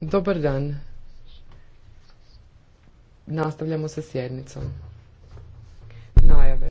Dobar dan. Nastavljamo sa sjednicom.